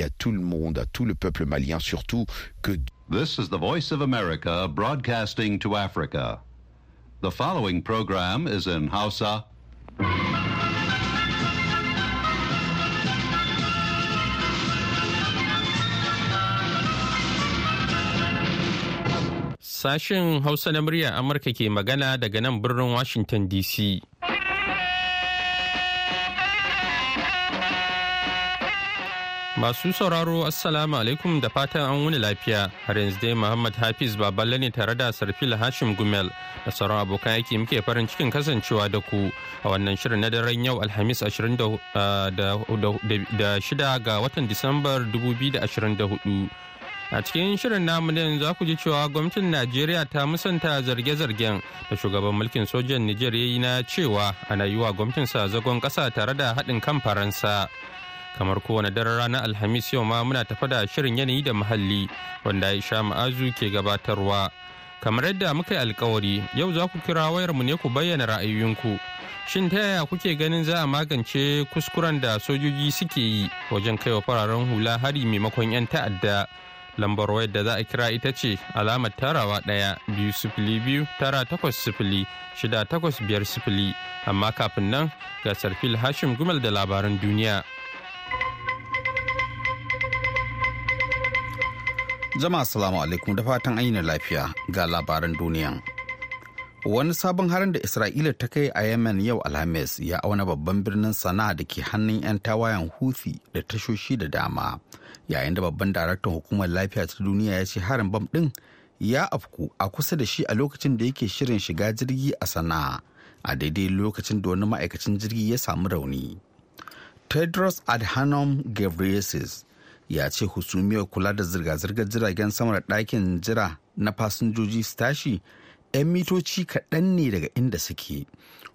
et à tout le monde, à tout le peuple malien surtout que This is the voice of America broadcasting to Africa. The following program is in Hausa. Sashen Hausa na murya Amurka ke magana daga nan birnin Washington DC. Masu sauraro Assalamu alaikum da fatan an wuni lafiya har yanzu dai Muhammad Hafiz Baballe ne tare da Sarfil Hashim Gumel da sauran abokan aiki muke farin cikin kasancewa da ku a wannan shirin na daren yau Alhamis 26 ga watan Disambar 2024. A cikin shirin namu da za ku ji cewa gwamnatin Najeriya ta musanta zarge-zargen da shugaban mulkin sojan Nijar ya yi na cewa ana yi wa sa zagon kasa tare da haɗin kan Faransa. kamar kowane daren ranar alhamis yau ma muna tafa da shirin yanayi da muhalli wanda aisha ma'azu ke gabatarwa kamar yadda muka yi alkawari yau za ku kira wayar mu ne ku bayyana ra'ayoyinku shin ta yaya kuke ganin za a magance kuskuren da sojoji suke yi wajen kai wa fararen hula hari maimakon 'yan ta'adda lambar wayar da za a kira ita ce alamar tarawa ɗaya biyu sifili biyu tara takwas sifili shida takwas biyar sifili amma kafin nan ga sarfil hashim gumal da labaran duniya. Jama'a salamu alaikum da fatan an yi lafiya ga labaran duniya. Wani sabon harin da Isra'ila ta kai a Yemen yau Alhamis ya auna babban birnin Sana'a da ke hannun 'yan tawayen Houthi da tashoshi da dama. Yayin da babban daraktan hukumar lafiya ta duniya ya ce harin bam ɗin ya afku a kusa da shi a lokacin da yake shirin shiga jirgi a Sana'a a daidai lokacin da wani ma'aikacin jirgi ya samu rauni. tedros adhanom ghebreyesus ya ce husumiyar kula da zirga-zirgar jiragen sama da ɗakin jira na fasinjoji su tashi 'yan mitoci kaɗan ne daga inda suke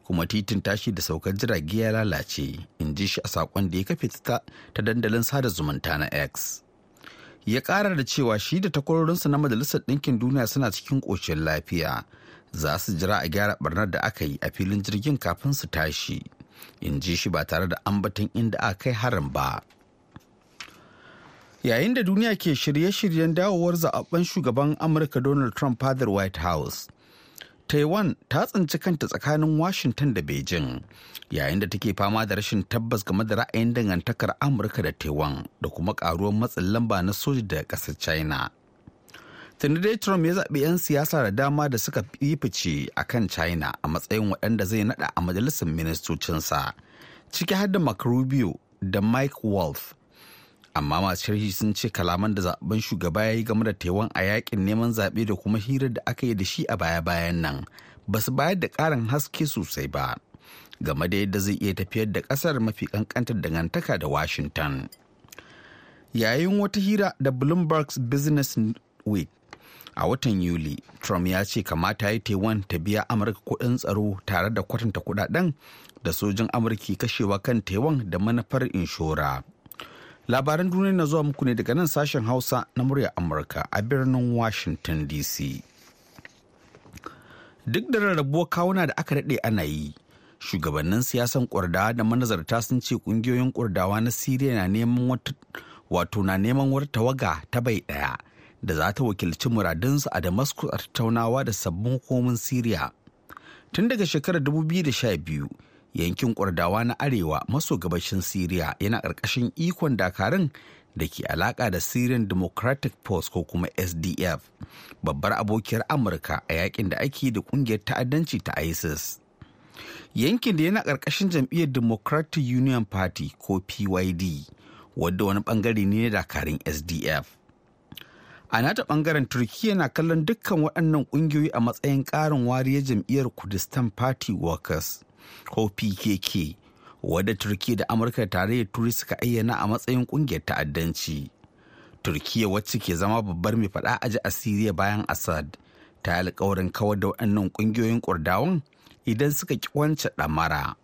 kuma titin tashi da saukar jirage ya lalace in ji shi a saƙon da ya kafe ta dandalin sada zumunta na x ya ƙara da cewa shi da takwarorinsa na majalisar ɗinkin duniya suna cikin ƙoshin lafiya za su jira a gyara barnar da aka yi a filin jirgin kafin su tashi. in ji shi ba tare da ambaton inda a kai harin ba yayin da duniya ke shirye-shiryen dawowar zaɓen shugaban amurka donald trump father white house taiwan ta tsinci kanta tsakanin washington da beijing yayin da take fama da rashin tabbas game da ra'ayin dangantakar amurka da taiwan da kuma ƙaruwar matsin lamba na soja da ƙasar china tunda dai trump ya zaɓi 'yan siyasa da dama da suka yi fice a kan china a matsayin waɗanda zai naɗa a majalisar ministocinsa ciki har da macrobio da mike wolf amma masu sharhi sun ce kalaman da zaben shugaba ya yi game da taiwan a yakin neman zaɓe da kuma hirar da aka yi da shi a baya-bayan nan ba su bayar da ƙarin haske sosai ba game da yadda zai iya tafiyar da ƙasar mafi ƙanƙantar dangantaka da washington yayin wata hira da bloomberg's business week a watan yuli trump ya ce kamata ya taiwan ta biya amurka kudin tsaro tare da kwatanta kudaden da sojin amurki kashewa kan taiwan da manufar inshora labaran duniya na zuwa muku ne daga nan sashen hausa na murya amurka a birnin washington dc duk da rarrabuwar kawuna da aka daɗe ana yi shugabannin siyasan kurdawa da manazarta sun ce kungiyoyin kurdawa na siriya na neman wata tawaga ta bai ɗaya da za ta wakilci muradinsu a damascus a tattaunawa da sabbin hukumomin siriya tun daga shekarar 2012 yankin kurdawa na arewa maso gabashin siriya yana ƙarƙashin ikon dakarun da ke alaƙa da syrian democratic force ko kuma sdf babbar abokiyar amurka a yakin da ake da ƙungiyar ta'addanci ta isis yankin da yana ƙarƙashin jam'iyyar democratic union party ko pyd wadda wani bangare ne na dakarun sdf a nata bangaren Turkiyya na kallon dukkan waɗannan ƙungiyoyi a matsayin ƙarin wariyar jam'iyyar Kudistan party workers ko pkk wadda turkiya da amurka da tarayyar turai suka ayyana a matsayin ƙungiyar ta'addanci turkiya wacce ke zama babbar mai faɗa aji a siriya bayan assad ta yi alkawarin kawar da waɗannan ƙungiyoyin ƙurdawan idan suka ki wance ɗamara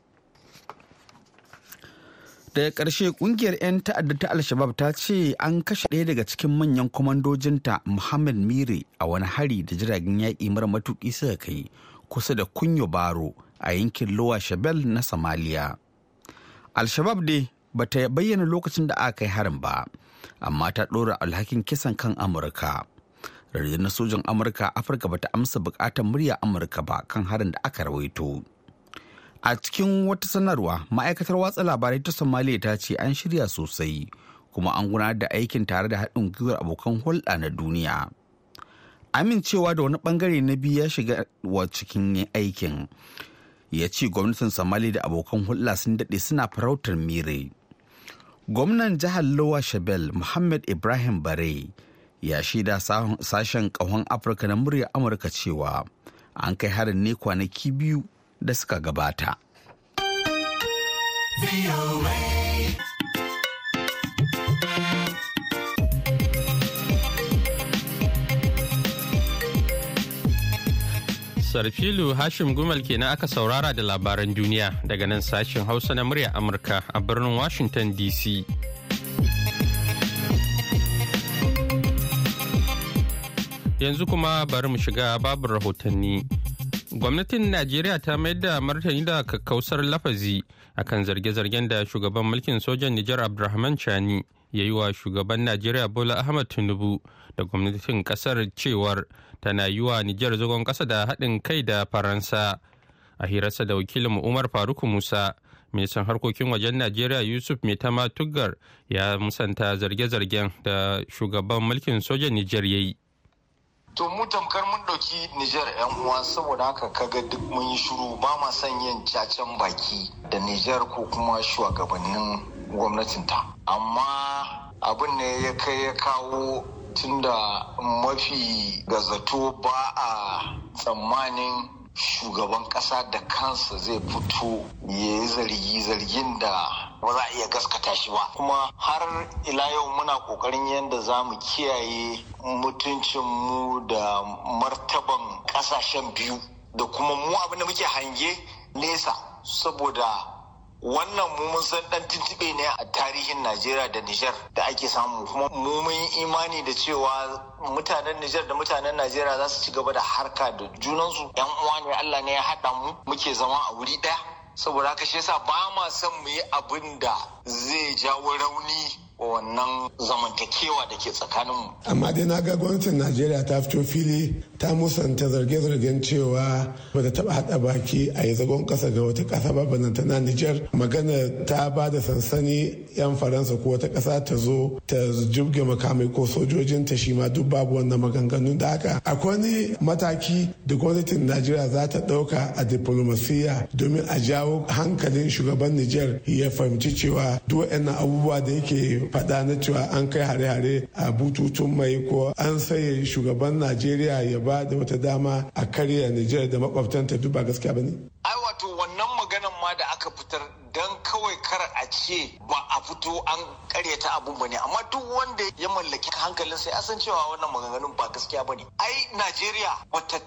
daga ƙarshe ƙungiyar 'yan ta'adda ta alshabab ta ce an kashe ɗaya daga cikin manyan kwamandojinta muhammad mire a wani hari da jiragen yaƙi mara matuƙi suka kai kusa da kunyo baro a yankin lowa shabel na somalia alshabab dai ba ta bayyana lokacin da aka yi harin ba amma ta ɗora alhakin kisan kan amurka na sojan amurka afirka ba ta amsa bukatar murya amurka ba kan harin da aka rawaito. a cikin wata sanarwa ma'aikatar watsa labarai ta somaliya ta ce an shirya sosai kuma an gudanar da aikin tare da haɗin gwiwar abokan hulɗa na duniya amincewa da wani bangare na biyu ya shiga wa cikin aikin ya ce gwamnatin somali da abokan hulɗa sun daɗe suna farautar mire gwamnan jihar lowa shabel muhammad ibrahim bare ya shaida sashen ƙahon afirka na murya amurka cewa an kai harin ne kwanaki biyu da suka gabata. Sarfilu Hashim Gumal kenan aka saurara da labaran duniya daga nan sashen Hausa na murya Amurka a birnin Washington DC. Yanzu kuma bari mu shiga babu rahotanni. gwamnatin najeriya ta mayar da martani da kakkausar lafazi akan zarge-zargen da shugaban mulkin sojan nijar abdulrahman chani ya yi wa shugaban najeriya bola ahmad tinubu da gwamnatin kasar cewar tana yi wa nijar zagon kasa da haɗin kai da faransa a hirarsa da wakilin umar faruk musa mai harkokin wajen najeriya yusuf maitama tuggar ya musanta zarge-zargen da shugaban mulkin sojan nijar ya yi to mu tamkar mun ɗauki Nijar 'yan uwa saboda haka kaga duk mun yi shiru ba ma son yin cacen baki da Nijar ko kuma shugabannin gwamnatin ta amma abin ne ya kai ya kawo tunda mafi gazato ba a tsammanin shugaban ƙasa da kansa zai fito ya yi zargi zargin da ba za a iya gaskata shi ba kuma har ila yau muna kokarin yadda za mu kiyaye mu da martaban kasashen biyu da kuma mu abin da muke hange nesa saboda wannan mun san dan tuntube ne a tarihin najeriya da nijar da ake samu kuma mu mun imani da cewa mutanen nijar da mutanen najeriya za su ci gaba da harka da junansu yan uwa ne allah ne ya haɗa mu muke zama a wuri ɗaya saboda haka shi yasa ba ma son mu yi abin da zai jawo rauni wannan zamantakewa da ke tsakaninmu. Amma dai na ga gwamnatin Najeriya ta fito fili ta musanta zarge-zargen cewa ba ta taba hada baki a yi zagon kasa ga wata kasa ba banantana Nijar. Magana ta ba da sansani 'yan Faransa ko wata ƙasa ta zo ta jibge makamai ko sojojin ta shi ma duk babu wannan maganganun da haka. Akwai wani mataki da gwamnatin Najeriya za ta ɗauka a diplomasiya domin a jawo hankalin shugaban Nijar ya fahimci cewa duk abubuwa da yake faɗa na cewa an kai hare-hare a bututun mai ko an saye shugaban najeriya ya ba da wata dama a karya nijar da makwabtanta duk gaskiya ba ne da aka fitar don kawai kar a ce ba a fito an karyata abun ba ne amma duk wanda ya mallaki hankalin sai san cewa wannan maganganun ba gaskiya ba ne ai najeriya bata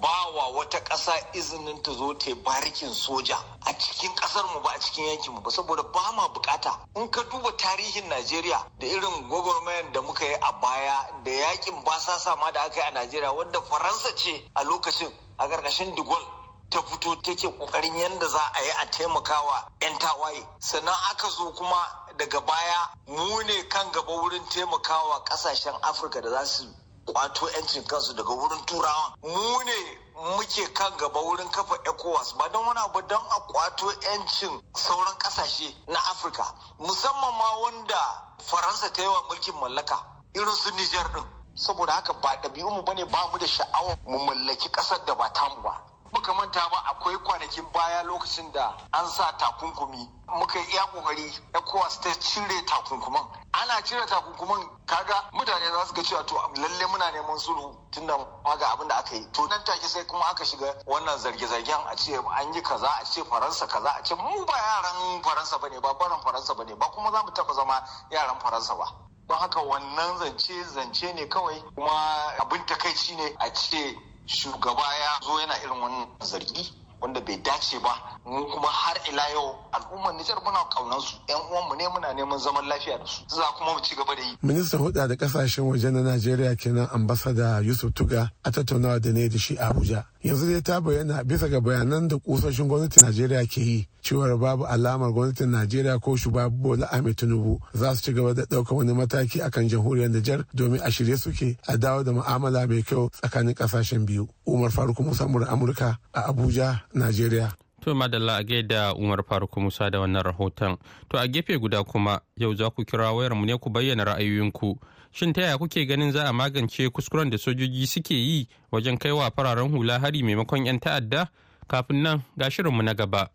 ba wa wata ƙasa izinin ta zo ta barikin soja a cikin ƙasar mu ba a cikin yankin mu ba saboda ba ma bukata in ka duba tarihin najeriya da irin gwagwarmayar da muka yi a baya da yakin basasa ma da aka yi a najeriya wanda faransa ce a lokacin a ƙarƙashin de Gaulle ta fito take kokarin yadda za a yi a taimakawa 'yan tawaye sannan aka zo kuma daga baya mu ne kan gaba wurin taimakawa kasashen afirka da za su kwato 'yancin kansu daga wurin turawa mu ne muke kan gaba wurin kafa ecowas ba don wani abu don a kwato 'yancin sauran kasashe na afirka musamman ma wanda faransa ta yi wa mulkin mallaka irin su nijar din saboda haka ba ɗabi'unmu ba ne ba mu da sha'awar mu mallaki ƙasar da ba tamu ba muka manta ba akwai kwanakin baya lokacin da an sa takunkumi muka iya kokari ecowas ta cire takunkuman ana cire takunkuman kaga mutane za su ga cewa to lalle muna neman sulhu tunda ma ga abin da aka yi to nan take sai kuma aka shiga wannan zarge-zargen a ce an yi kaza a ce faransa kaza a ce mu ba yaran faransa bane ba barin faransa bane ba kuma za mu taba zama yaran faransa ba don haka wannan zance zance ne kawai kuma abin takaici ne a ce shugaba ya zo yana irin wannan zargi wanda bai dace ba mu kuma har ila yau al'ummar Nijar muna kaunar su yan uwanmu ne muna neman zaman lafiya da su za kuma mu ci gaba da yi ministan hulɗa da kasashen waje na Najeriya kenan ambasada Yusuf Tuga a tattaunawa da ne da shi Abuja yanzu dai ta bayyana bisa ga bayanan da kusoshin gwamnatin najeriya ke yi cewar babu alamar gwamnatin najeriya ko shugaban bola ahmed tinubu za su ci gaba da ɗaukar wani mataki akan jamhuriyar nijar domin a shirye suke a dawo da mu'amala mai kyau tsakanin kasashen biyu umar faruk musa amurka a abuja najeriya To Madalla a gaida Umar Faruk Musa da wannan rahoton. To a gefe guda kuma yau za ku kira wayarmu ne ku bayyana ra'ayoyinku shin ta yaya kuke ganin za a magance kuskuren da sojoji suke yi wajen kaiwa fararen hula hari maimakon 'yan ta'adda kafin nan ga shirinmu na gaba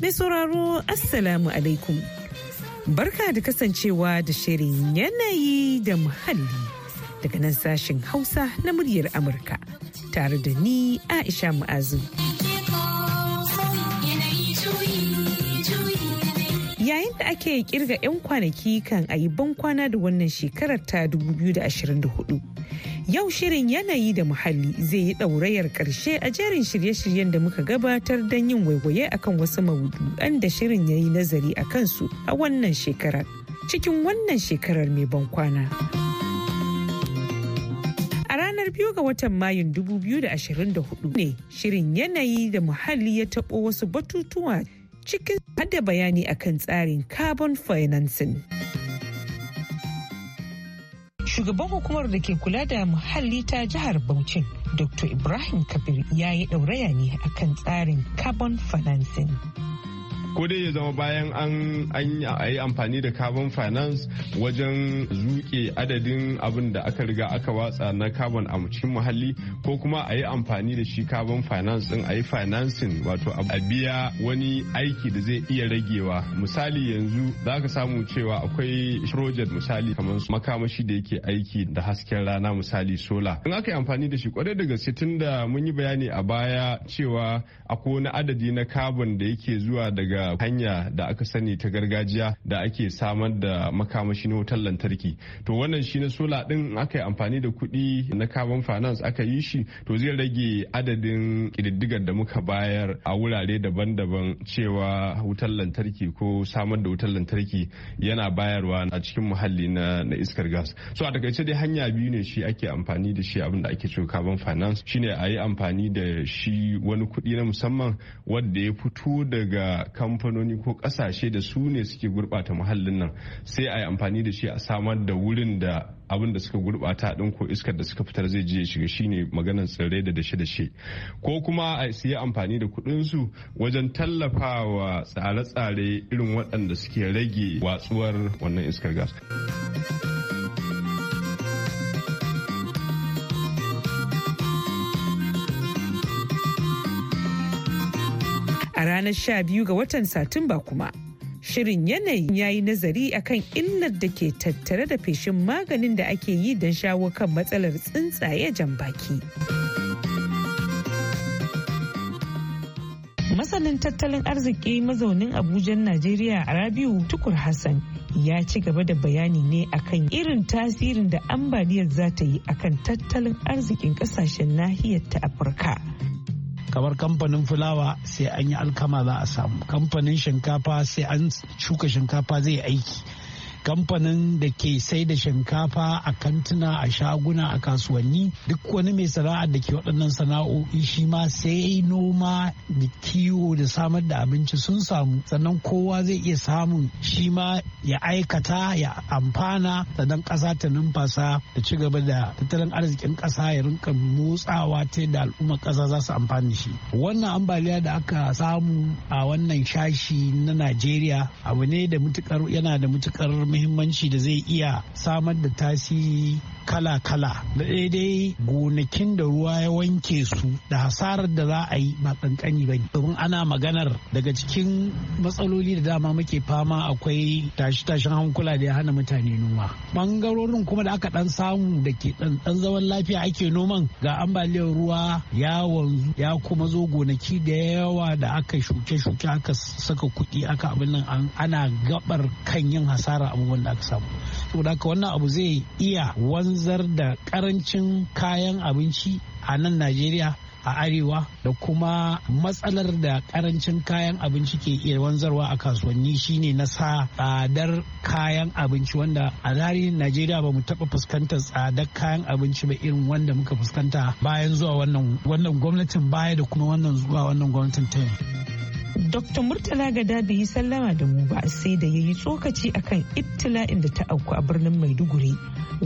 Mai sauraro Assalamu alaikum. Barka da kasancewa da shirin yanayi da muhalli daga nan sashen Hausa na muryar Amurka tare da ni Aisha Mu'azu. Yayin da ake kirga 'yan kwanaki kan a yi bankwana da wannan shekarar ta 2024. Yau shirin yanayi da muhalli zai yi ɗaurayar ƙarshe a jerin shirye-shiryen da muka gabatar don yin waiwaye akan wasu maudu'an da shirin ya yi nazari a kansu a wannan shekarar. Cikin wannan shekarar mai bankwana. kwana. biyu ga watan Mayun 2024 ne shirin yanayi da muhalli ya taɓo wasu batutuwa cikin hada bayani akan tsarin carbon financing. Shugaban hukumar da ke kula da muhalli ta jihar Bauchi, Dr. Ibrahim Kabir ya yi ɗauraya ne akan tsarin carbon financing. ko dai ya zama bayan an yi amfani da carbon finance wajen zuke adadin abin da aka riga aka watsa na carbon a cikin muhalli ko kuma a yi amfani da shi carbon finance din a yi financing wato a biya wani aiki da zai iya ragewa misali yanzu za ka samu cewa akwai project misali kamar makamashi da yake aiki da hasken rana misali solar in aka yi amfani da shi kwarai da gaske tun da mun yi bayani a baya cewa akwai wani adadi na carbon da yake zuwa daga daga hanya da aka sani ta gargajiya da ake samar da makamashi na wutar lantarki to wannan shi na sola din aka yi amfani da kuɗi na carbon finance aka yi shi to zai rage adadin ƙididdigar da muka bayar a wurare daban-daban cewa wutar lantarki ko samar da wutar lantarki yana bayarwa a cikin muhalli na, iskar gas so a takaice dai hanya biyu ne shi ake amfani da shi abin da ake cewa carbon finance shine a yi amfani da shi wani kuɗi na musamman wanda ya fito daga kan kamfanoni ko ƙasashe da su ne suke gurɓata muhallin nan sai a yi amfani da shi a samar da wurin da abin da suka gurɓata din ko iskar da suka fitar zai je shiga shine maganar tsirrai da dashe-dashe ko kuma a siya amfani da su wajen tallafawa tsare-tsare irin waɗanda suke rage watsuwar wannan iskar gas. a ranar 12 ga watan satumba kuma shirin yanayin ya yi nazari akan illar da ke tattare da feshin maganin da ake yi don shawo kan matsalar tsuntsaye jan baki. masanin tattalin arziki mazaunin abujan najeriya rabiu tukur hassan ya ci gaba da bayani ne akan irin tasirin da ambaliyar za ta yi akan tattalin arzikin kasashen nahiyar ta afirka kamar kamfanin fulawa sai an yi alkama za a samu kamfanin shinkafa sai an shuka shinkafa zai aiki kamfanin da ke sai da shinkafa a kantuna a shaguna a kasuwanni duk wani mai sana'a da ke waɗannan sana'o'i shi ma sai noma da kiwo da samar da abinci sun samu sannan kowa zai iya samun shi ma ya aikata ya amfana sannan ƙasa ta numfasa da ci gaba da tattalin arzikin ƙasa ya rinka motsawa ta da al'ummar ƙasa za su amfani shi wannan ambaliya da aka samu a wannan shashi na najeriya abu ne da mutukar yana da mutukar muhimmanci da zai iya samar da tasiri kala-kala da daidai gonakin da ruwa ya wanke su da hasarar da za a yi ba kankani ba domin ana maganar daga cikin matsaloli da dama muke fama akwai tashi-tashin hankula da ya hana mutane noma bangarorin kuma da aka dan samu da ke dan zaman lafiya ake noman ga ambaliyar ruwa ya wanzu ya kuma zo gonaki da yawa da aka shuke-shuke aka saka kuɗi aka abin nan ana gabar kan yin hasara a abubuwan da aka samu saboda haka wannan abu zai iya wanzar da karancin kayan abinci a nan najeriya a arewa da kuma matsalar da karancin kayan abinci ke iya wanzarwa a kasuwanni shine na tsadar kayan abinci wanda a tarihin najeriya ba mu taɓa fuskantar tsadar kayan abinci ba irin wanda muka fuskanta bayan zuwa wannan gwamnatin baya da kuma wannan zuwa wannan gwamnatin ta yanzu Dr. Murtala Gada bai yi sallama da mu ba sai da ya yi tsokaci kan ibtila'in da ta auku a birnin Maiduguri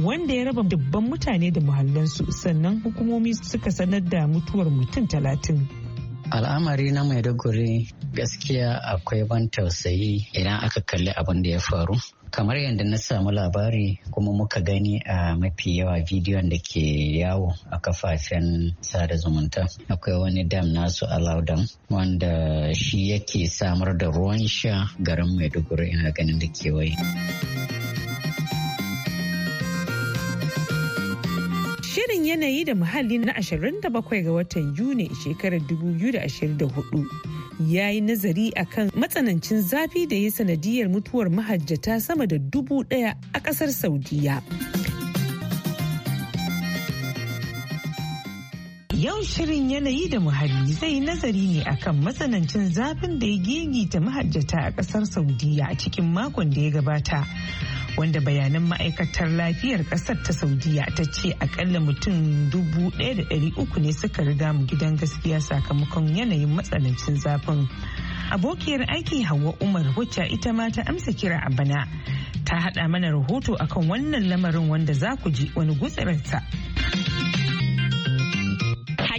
wanda ya raba dubban mutane da muhallansu sannan hukumomi suka sanar da mutuwar mutum talatin. al'amari na maiduguri gaskiya akwai ban tausayi idan aka kalli abin da ya faru kamar yadda na samu labari kuma muka gani a mafi yawa bidiyon da ke yawo a kafafen sada zumunta akwai wani dam nasu a laudan wanda shi yake samar da ruwan sha garin maiduguri ina ganin da kewaye. shirin yanayi da muhalli na 27 ga watan Yuni shekarar 2024 ya yi nazari akan matsanancin zafi da ya sanadiyar mutuwar mahajjata sama da dubu daya a kasar Saudiya. Yau shirin yanayi da muhalli zai nazari ne akan matsanancin zafin da ya gegita mahajjata a kasar Saudiya a cikin makon da ya gabata. wanda bayanan ma'aikatar lafiyar kasar ta saudiya ta ce akalla mutum dubu ɗaya da uku ne suka riga mu gidan gaskiya sakamakon yanayin matsanancin zafin abokiyar aiki hawa umar wacce ita ma ta amsa kira a bana ta haɗa mana rahoto akan wannan lamarin wanda za ku ji wani gutsirarsa.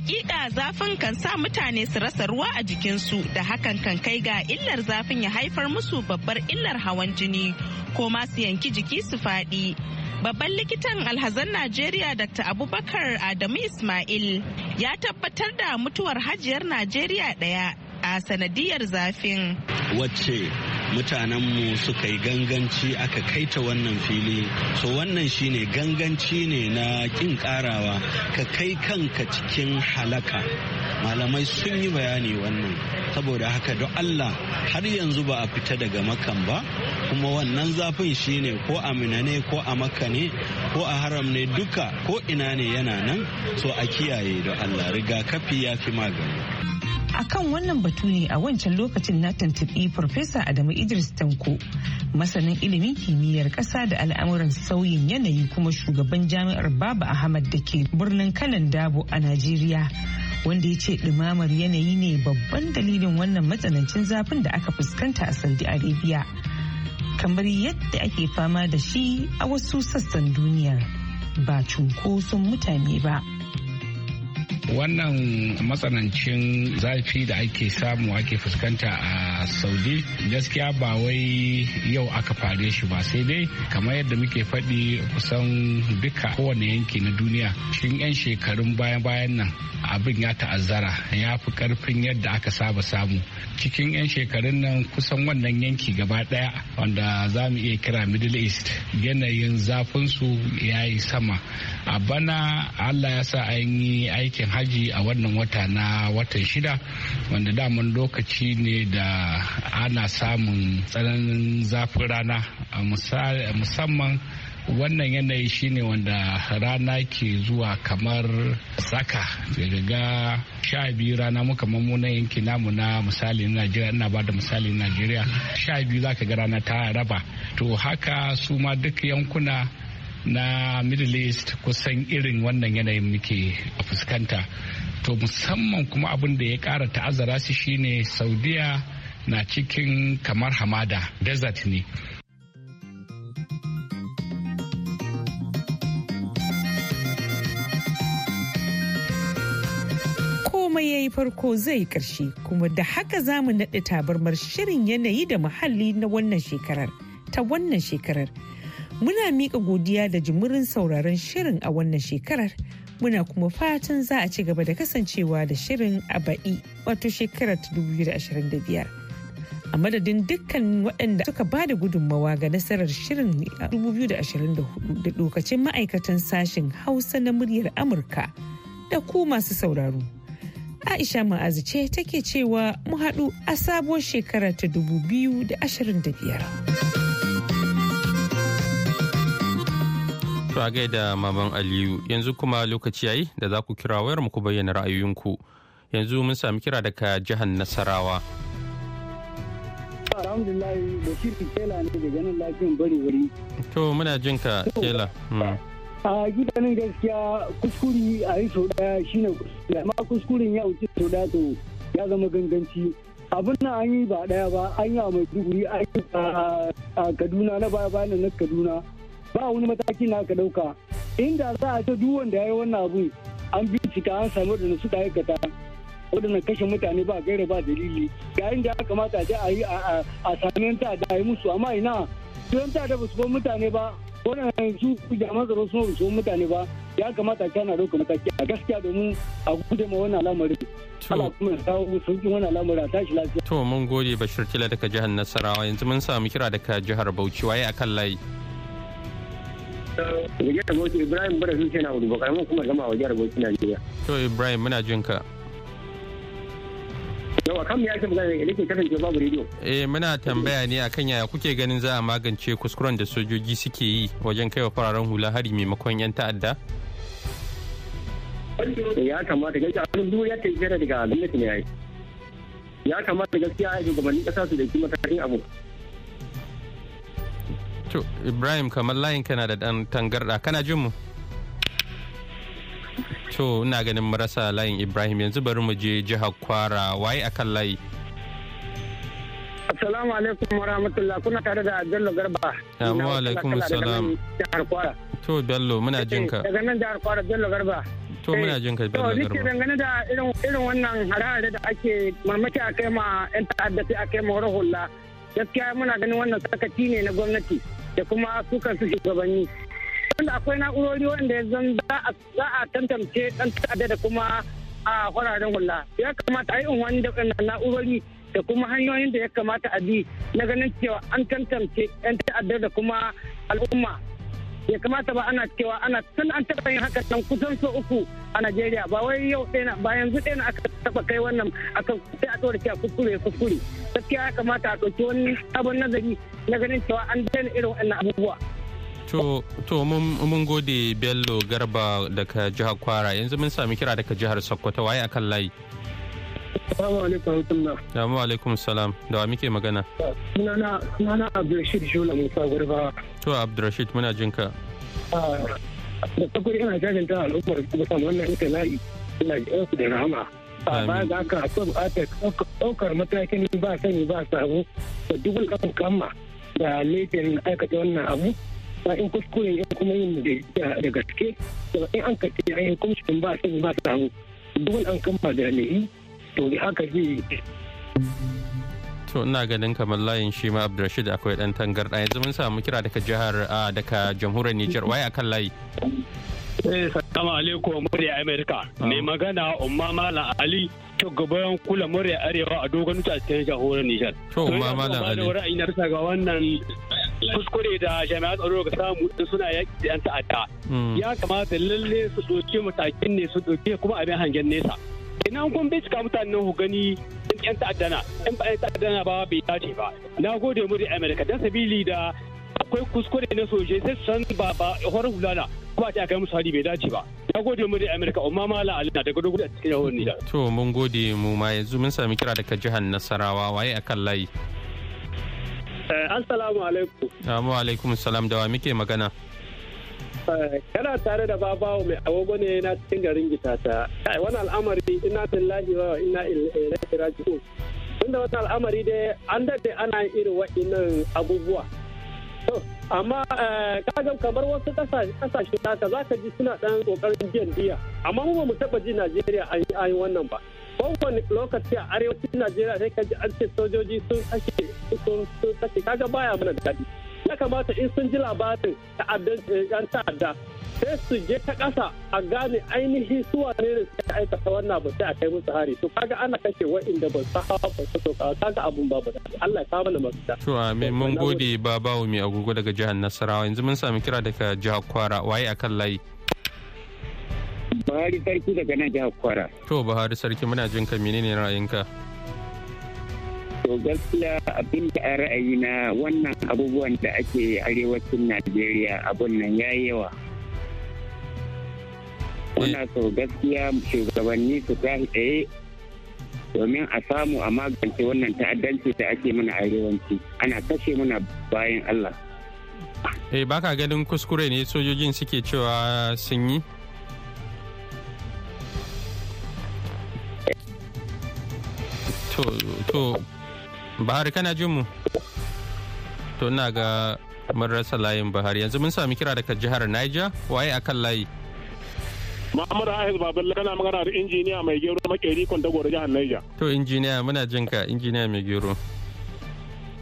Hakika zafin kan sa mutane su rasa ruwa a jikinsu da hakan kan kai ga illar zafin ya haifar musu babbar illar hawan jini ko masu su yanki jiki su faɗi. Babban likitan alhazan Najeriya Dr. Abubakar Adamu Ismail ya tabbatar da mutuwar hajiyar Najeriya ɗaya a sanadiyar zafin. Wacce mutanenmu suka yi ganganci aka kai ta wannan fili so wannan shine ganganci ne na kin karawa ka kai kanka cikin halaka malamai sun yi bayani wannan saboda haka don allah har yanzu ba a fita daga makan ba kuma wannan zafin shine ko a mina ne ko a makka ne ko a haram ne duka ko ina ne yana nan so a kiyaye da allah rigakafi ya fi magani akan wannan batu ne a wancan lokacin na tuntuɓi Farfesa Adamu Idris Tanko, masanin ilimin kimiyyar ƙasa da al'amuran sauyin yanayi kuma shugaban jami'ar Baba Ahmad da ke birnin Kanan Dabo a Najeriya. Wanda ya ce ɗumamar yanayi ne babban dalilin wannan matsanancin zafin da aka fuskanta a Saudi Arabia, kamar yadda ake fama da shi a wasu sassan duniyar ba cunkoson mutane ba. wannan matsanancin zafi da ake samu ake fuskanta a saudi gaskiya ba wai yau aka fare shi ba sai dai kamar yadda muke faɗi kusan duka kowane yanki na duniya cikin 'yan shekarun bayan-bayan nan abin ya ta'azzara ya fi karfin yadda aka saba samu cikin 'yan shekarun nan kusan wannan yanki gaba daya wanda za mu iya kira middle east yanayin zafinsu ya yi sama a bana allah ya sa an yi aikin haji a wannan wata na watan shida wanda daman lokaci ne da ana samun tsananin zafin rana musamman wannan yanayi shine wanda rana ke zuwa kamar tsaka daga sha biyu rana muka mamuna yanki namu na misali na najeriya ina ba da misali na najeriya sha biyu za ka ga rana ta raba to haka su ma duk yankuna na middle east kusan irin wannan yanayin muke fuskanta to musamman kuma abin da ya kara ta'azzara su shine saudiya na cikin kamar hamada desert ne komai ya yi farko zai karshe kuma da haka za mu naɗe tabarmar shirin yanayi da muhalli na wannan shekarar ta wannan shekarar Muna miƙa godiya da jimurin sauraron shirin a wannan shekarar. Muna kuma fatan za a ci gaba da kasancewa da shirin a ba'i wato shekarar 2025. A madadin dukkan waɗanda suka ba da gudunmawa ga nasarar shirin 2024 da lokacin ma'aikatan sashen Hausa na muryar Amurka da ku masu sauraro. Aisha Ma'azu ce take cewa mu haɗu a sabuwar shekara ta 2025. a da Maman Aliyu yanzu kuma lokaci yayi da za ku kira wayar ku bayyana ra'ayoyinku. Yanzu mun sami kira daga jihar Nasarawa. ne To muna jin ka Tela. Hmm. A gidanin gaskiya kuskuri a yi sau daya shine amma kuskurin ya wuce sau daya to ya zama ganganci. abin nan an yi ba daya ba an yi a maiduguri an yi a kaduna na baya bayan na kaduna ba wani mataki na aka dauka inda za a ta duwan da ya yi wannan abu an bincika an samu da suka aikata waɗannan kashe mutane ba gaira ba dalili ga inda ya kamata a yi a sami yanta da yi musu amma ina yan ta da basu mutane ba yanzu su jami'an tsaro su basu mutane ba ya kamata ta na ɗauka mataki a gaskiya domin a gude ma wannan al'amarin Allah kuma ya kawo sauƙin wannan a tashi lafiya. To mun gode Bashir Kila daga jihar Nasarawa yanzu mun samu kira daga jihar Bauchi waye akan layi. Wajen Ibrahim Bada kuma gama Najeriya. To Ibrahim muna jin ka. magana babu rediyo. Eh muna tambaya ne akan yaya kuke ganin za a magance kuskuren da sojoji suke yi wajen kaiwa fararen hula hari maimakon 'yan ta'adda? ya kamata gaskiya abin duk ya tafiya daga gwamnati ne ya kamata gaskiya shugabannin kasa su da kuma matakin abu To Ibrahim kamar layin kana da dan tangarda kana jin mu? To ina ganin marasa layin Ibrahim yanzu bari mu je jihar Kwara waye akan layi. Assalamu alaikum wa rahmatullah kuna tare da Bello Garba. Amma alaikum salam. Jihar Kwara. To Bello muna eh, jin ka. Daga nan jihar Kwara Bello Garba. To muna eh, jin ka Bello Garba. To dangane da irin irin wannan harare da ake mamaki a kai ma yan ta'adda sai a kai ma hula. Gaskiya muna ganin wannan sakaci ne na gwamnati. da kuma su shugabanni wanda akwai na'urori wanda yanzu za a tantance dan ta'adda da kuma a kwararen hula ya kamata a yi unwani da na'urori da kuma hanyoyin da ya kamata a bi na ganin cewa an tantance yan ta'addar da kuma al'umma ya kamata ba ana cewa ana tun an taɓa yin haka nan kusan so uku a Najeriya ba wai yau ɗaya ba yanzu ɗaya aka taɓa kai wannan akan sai a ɗora a kuskure kuskure gaskiya ya kamata a ɗauki wani sabon nazari na ganin cewa an daina irin wannan abubuwa. To, to mun gode Bello Garba daga jihar Kwara yanzu mun sami kira daga jihar Sokoto waye akan layi. Assalamu alaikum warahmatullah. Assalamu alaikum salam. Da wa muke magana? Sunana sunana Abdulrashid Jola Musa Gurba. To Abdulrashid muna jin ka. Ah, da farko ina jajanta al'ummar su san wannan ibtila'i ina ji ɗansu da rahama. Ah, ba ga haka akwai buƙatar ɗaukar matakin ba sani ba sabo da wani kafin kama da laifin aikata wannan abu in kuskure in kuma yin da gaske da in an kace yi kuma ba sani ba sabo wani an kama da laifi to haka zai yi. to ina ganin kamar layin shi ma abdulrashid akwai dan tangarda yanzu mun samu kira daga jihar a daga jamhuriyar nijar waye akan layi Assalamu eh, alaikum murya Amerika. Ah. Mai magana Umma Malam Ali ta gaban kula murya Arewa a dogon ta jamhuriyar Nijar. To Umma Malam Ali. Ina na bisa ga wannan kuskure da jami'an tsaro ga samu in suna yaƙi da 'yan ta'adda. Hmm. Ya kamata lalle su ɗauki matakin ne su ɗauki kuma abin hangen nesa. an kun bincika mutanen ku gani yan ta'adda na yan ba yan ta'adda na ba bai dace ba na gode mu da america dan sabili da akwai kuskure na soje sai san ba ba horar hulana kuma ta kai musu hari bai dace ba na gode mu da america umma mala alina daga dogo da cikin yawon nila to mun gode mu ma yanzu mun sami kira daga jihar nasarawa waye akan layi eh, assalamu alaikum assalamu alaikum salam da wa muke magana kana tare da babawo mai agogo ne na cikin garin ta kai wani al'amari ina lillahi wa ina ilaihi raji'un tunda wata al'amari da an dade ana irin wa'innan abubuwa amma eh, kaga kamar wasu kasashe haka za ka ji suna dan ƙoƙarin biyan diya amma mu ba mu taba ji najeriya an yi wannan ba kowane lokaci a arewacin najeriya sai ka ji an ce sojoji sun kashe sun kashe kaga baya mana daɗi ya kamata in sun ji labarin ta'addan eh, ta'adda sai su je ta ƙasa a gane ainihin suwa ne da suka aikata wannan abu sai a kai musu hari to kaga ana kashe wa'inda ba su hawa ba su sauka kaga abun ba da Allah ya kama da mafita. to amin mun gode ba bawo mai agogo daga jihar nasarawa yanzu mun sami kira daga jihar kwara waye akan layi. buhari sarki daga nan jihar kwara. to buhari sarki muna jin ka menene ra'ayinka. To gaskiya abin da ra'ayi ra'ayina wannan abubuwan da ake arewacin Najeriya abun nan ya yawa. Muna so gaskiya shugabanni su tashi tsaye domin a samu a magance wannan ta'addanci da ake mana arewanci ana kashe mana bayan Allah. Eh baka ganin kuskure ne sojojin suke cewa sun yi? to to bahari kana jin mu? To ina ga mun rasa layin bahari yanzu mun sami kira daga jihar Niger waye akan layi? Muhammad Ahis Baballe kana magana da injiniya mai gero makeri Kwantagoro jihar Niger. To injiniya muna jin ka injiniya mai gero.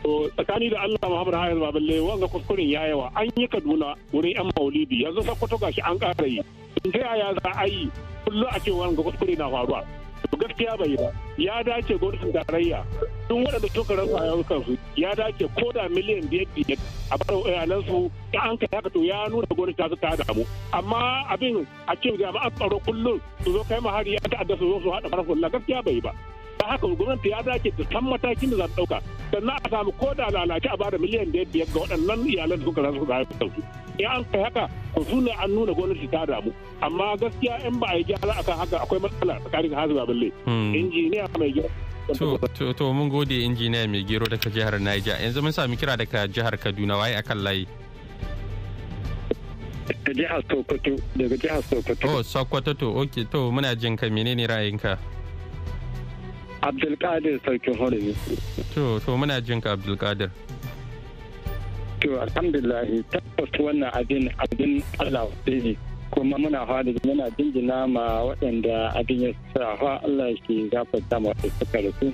To tsakani da Allah Muhammad Ahis Baballe wanga kuskuren ya yawa an yi Kaduna wurin yan Maulidi yanzu Sokoto gashi an kara yi. In ta yaya za a yi kullum a ce wanga kuskure na faruwa. gaskiya bai ba ya dace gwamnatin tarayya tun waɗanda suka rasa ayyukansu ya dace ko da miliyan biyar biyar a bar su ta an kai haka to ya nuna gwamnati ta ta damu amma abin a cikin jami'an tsaro kullum su zo kai mahari ya ta'adda su zo su haɗa farfalla gaskiya bai ba don haka gwamnati ya dace ta san matakin da za ta ɗauka sannan a samu ko da lalace a bada miliyan biyar biyar ga waɗannan iyalan da suka rasa zai haifa sauki in an kai haka ko su ne an nuna gwamnati ta damu amma gaskiya in ba a yi gyara akan haka akwai matsala tsakanin hazu balle hmm. injiniya mai gyara To, mun gode injiniya mai gero daga jihar Niger. Yanzu mun sami kira daga jihar Kaduna waye akan layi. Jihar Sokoto, daga jihar Sokoto. Oh, Sokoto to, ok to muna jin ka menene ra'ayinka? abdulkadir sarkin horami to to muna jin ka abdulkadir to alhamdulillah tabbas wannan abin abin allah ne kuma muna fara muna jinjina ma waɗanda abin ya safa Allah ke gafarta ma wasu suka rasu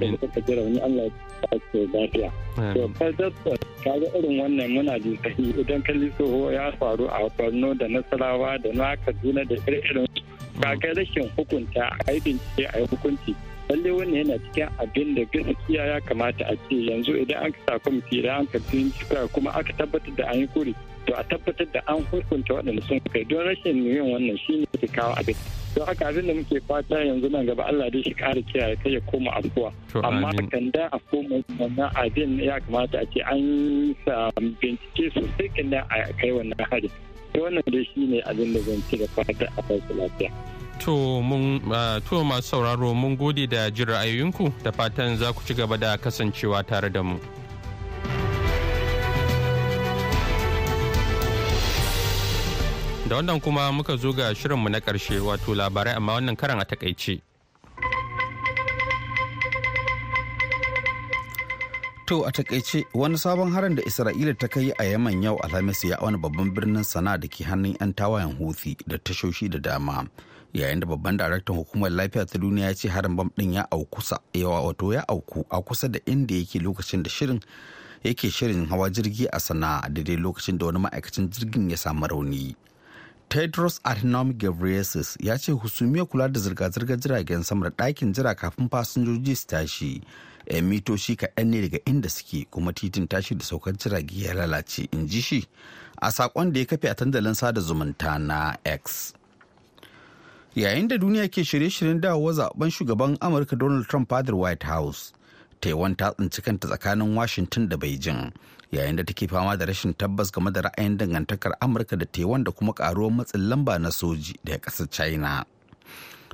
da suka ji Allah ya ke lafiya. To fadasta ka ga irin wannan muna jin sahi idan kalli tsoho ya faru a Borno da Nasarawa da na Kaduna da irin ka kai mm. rashin hukunta a yi bincike a yi hukunci. lalle wannan yana cikin abin da gaskiya ya kamata a ce yanzu idan an sa kwamiti idan an ka bincika kuma aka tabbatar da an yi kuri to a tabbatar da an hukunta waɗanda sun kai don rashin yin wannan ne ke kawo abin don haka abin da muke fata yanzu nan gaba Allah dai shi kara kiyaye kai ya koma afuwa amma kan da a koma wannan abin ya kamata a ce an sa bincike sosai kan da a kai wannan hari wannan dai shi ne abin da zan ci da fata a kai lafiya Ah, to masu sauraro mun gode da jin ra'ayoyinku da fatan za ku ci gaba da kasancewa tare da mu. Da wannan kuma muka zo ga shirinmu na ƙarshe wato labarai amma wannan karan a takaice. To a takaice wani sabon harin da Isra'ila ta kai a Yaman yau Alhamis ya wani babban birnin Sana'a da ke hannun 'yan tawayen Houthi da tashoshi da dama. yayin da babban daraktan hukumar lafiya ta duniya ya ce harin bam din ya auku yawa wato ya auku a kusa da inda yake lokacin da shirin yake shirin hawa jirgi a sana'a daidai lokacin da wani ma'aikacin jirgin ya samu rauni tedros adhanom ghebreyesus ya ce husumiyar kula da zirga-zirgar jiragen sama da ɗakin jira kafin fasinjoji su tashi ya eh, mito shi kaɗan ne daga inda suke kuma titin tashi da saukar jirage ya lalace in ji shi a saƙon da ya kafe a tandalin sada zumunta na x yayin da duniya ke shirye-shiryen dawowa zaben shugaban amurka donald trump fadar white house taiwan ta tsinci kanta tsakanin washington da beijing yayin da take fama da rashin tabbas game da ra'ayin dangantakar amurka da taiwan da kuma karuwar matsin lamba na soji daga kasar china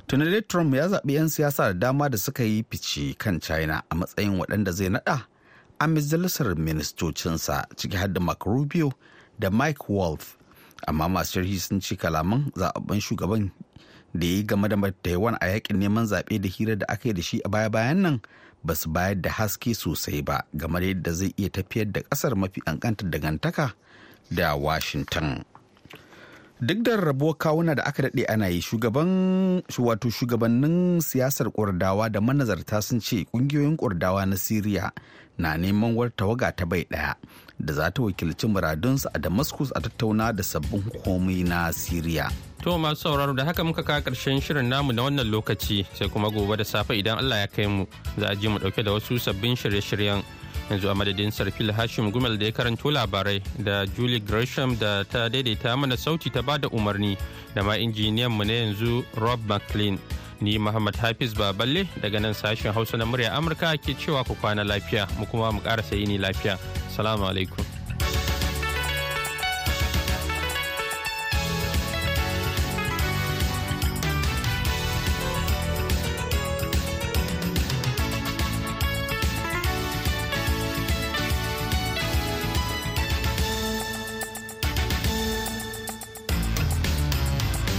tunade trump ya zaɓi 'yan siyasa da dama da suka yi fice kan china a matsayin waɗanda zai naɗa a majalisar ministocinsa ciki har da mark rubio da mike wolf amma masu sharhi sun ci kalaman zaɓen shugaban da ya yi game da taiwan a yakin neman zaɓe da hira da aka yi da shi a baya-bayan nan ba su bayar da haske sosai ba game da yadda zai iya tafiyar da ƙasar mafi ƙanƙantar dangantaka da washington duk da rabuwar kawuna da aka daɗe ana yi shugaban wato shugabannin siyasar kurdawa da manazarta sun ce ƙungiyoyin kurdawa na siriya na neman war tawaga ta bai ɗaya da za ta wakilci muradunsu a damascus a tattauna da sabbin hukumomi na syria to masu sauraro da haka muka kawo karshen shirin namu na wannan lokaci sai kuma gobe da safe idan allah ya kai mu za a ji mu dauke da wasu sabbin shirye-shiryen yanzu a madadin sarfil hashim gumel da ya karanto labarai da julie gresham da ta daidaita mana sauti ta bada umarni da ma injiniyan mu na yanzu rob mclean Ni Muhammad Hafiz Baballe daga nan sashen Hausa na murya Amurka ke cewa ku kwana lafiya mu kuma mu ƙarasa yini lafiya. Salamu alaikum.